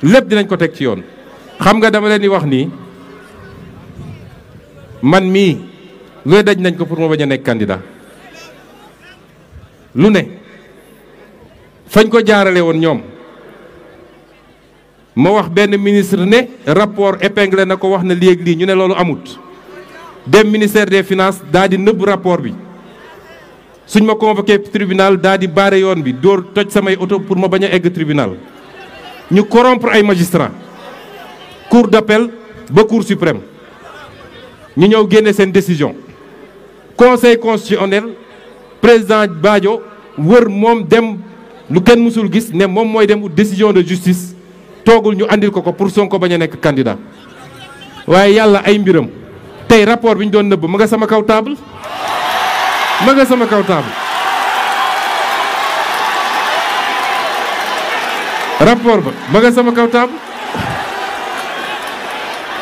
lépp dinañ ko teg ci yoon xam nga dama leen di wax nii man mii looy daj nañ ko pour ma bañ a nekk candidat lu ne fañ ko jaarale woon ñoom ma wax benn ministre ne rapport épinglé na ko wax na léegi lii ñu ne loolu amut dem ministère des finance daa di nëbb rapport bi suñ ma convoqué tribunal daa di baare yoon bi dóor toj samay oto pour ma bañ a egg tribunal ñu corrompre ay magistrats cour d'appel ba cour suprême ñu ñëw génne seen décision conseil constitutionnel président baajo wër moom dem lu kenn mësul gis ne moom mooy dem ut décision de justice toogul ñu andil ko ko pour ko bañ a nekk candidat waaye yàlla ay mbiram tey rapport bi ñu doon nëbb ma nga sama kaw table ma nga sama kaw table rapport ba ma sama kaw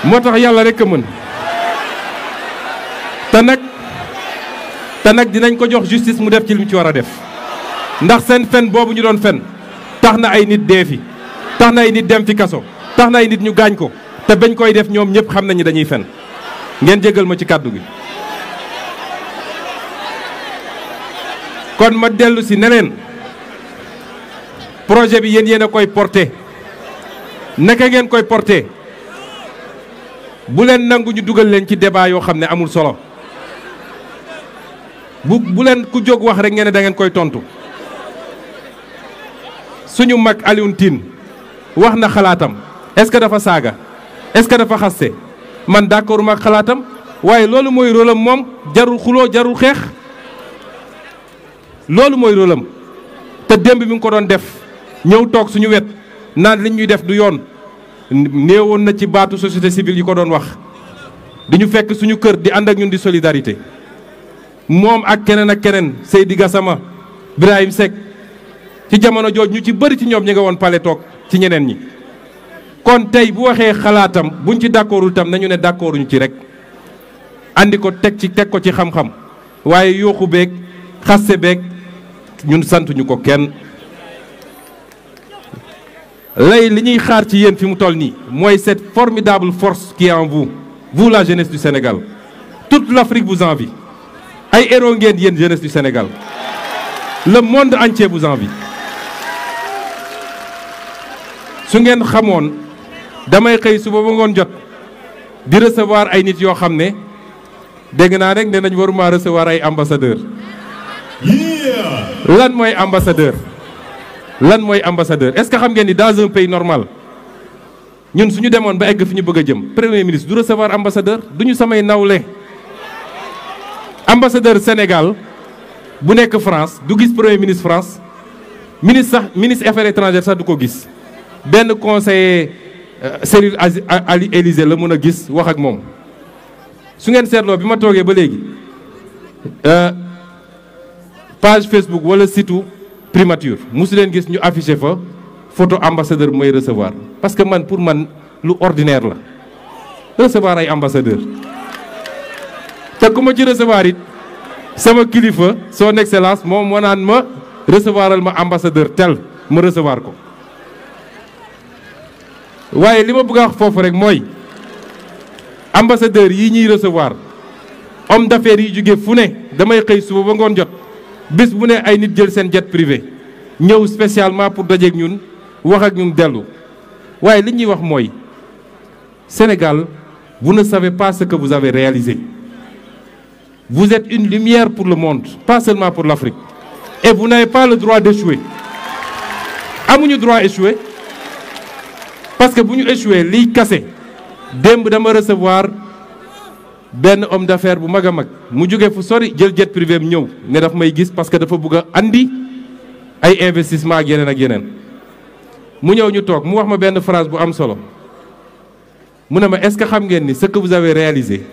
moo tax yàlla rek a mën te nag dinañ ko jox justice mu def ci li mu ci war a def ndax seen fen boobu ñu doon fen tax na ay nit dee fi tax na ay nit dem fi kaso tax na ay nit ñu gaañ ko te bañ koy def ñoom ñëpp xam nañu dañuy fen ngeen jégal ma ci kàddu gi kon ma dellu si neneen projet bi yéen yéen a koy porte naka ngeen koy porté bu leen nangu ñu dugal leen ci débat yoo xam ne amul solo bu bu leen ku jóg wax rek ngeen ne dangeen koy tontu suñu mag Alioune Tine wax na xalaatam est-ce que dafa saaga est-ce que dafa xaste man d'accord mag xalaatam waaye loolu mooy rôle moom jarul xuloo jarul xeex loolu mooy rôle te démb mi ngi ko doon def ñëw toog suñu wet naan li ñuy def du yoon néewoon na ci baatu société civile yi ko doon wax di ñu fekk suñu kër di ànd ak ñun di solidarité. moom ak keneen ak keneen Seydi Gassama Birahim Seck ci jamono jooj ñu ci bari ci ñoom ñi nga woon pale toog ci ñeneen ñi kon tey bu waxee xalaatam buñ ci d'accordul tam nañu ne d'accorduñu ci rek andi ko teg ci teg ko ci xam-xam waaye yooxu beeg xaste beeg ñun santuñu ko kenn lay li ñuy xaar ci yéen fi mu toll nii mooy set formidable force qui est en vous vous la jeunesse du Sénégal toute l'Afrique vous envie ay héros ngeen yéen jeunesse du Sénégal le monde entier vous bi su ngeen xamoon damay xëy suba ba ngoon jot di recevoir ay nit yoo xam ne dégg naa rek ne nañ waruma recevoir ay ambassadeur lan mooy ambassadeur lan mooy ambassadeur est-ce que xam ngeen ni daa un pays normal ñun suñu demoon ba egg fi ñu bëgg a jëm premier ministre du recevoir ambassadeur duñu samay nawle ambassadeur Sénégal bu nekk France du gis premier ministre France ministre sax ministre affaires étrangères sax du ko gis benn conseiller euh, Cyril Ali Élysée la mën a gis wax ak moom su ngeen seetloo bi ma toogee ba léegi euh, page Facebook wala site primature mosu leen gis ñu affiché fa photo ambassadeur mooy recevoir parce que man pour man lu ordinaire la recevoir ay ambassadeur te ma ci recevoir it sama kilifa son excellence moom moo ma recevoiral ma ambassadeur tel ma recevoir ko waaye li ma bëgg a wax foofu rek mooy ambassadeur yi ñuy recevoir homme d'affaires yi jóge fu ne damay xëy suba ba ngoon jot bés bu ne ay nit jël seen jet privé ñëw spécialement pour dajeek ñun wax ak ñun dellu waaye li ñuy wax mooy Sénégal bu ne savez pas ce que vous Vous et une lumière pour le monde, pas seulement pour l'Afrique. Et vous n'avez pas le droit d'échouer. amuñu droit échouer parce que bu ñu échouer liy kase démb dama recevoir benn homme d'affaires bu mag a mag mu jóge fu sori jël jet privé ñëw ne daf may gis parce que dafa bëgg a andi ay investissement ak yeneen ak yeneen. mu ñëw ñu toog mu wax ma benn frase bu am solo mu ne ma est-ce que xam ngeen ni ce que vous avez réalisé.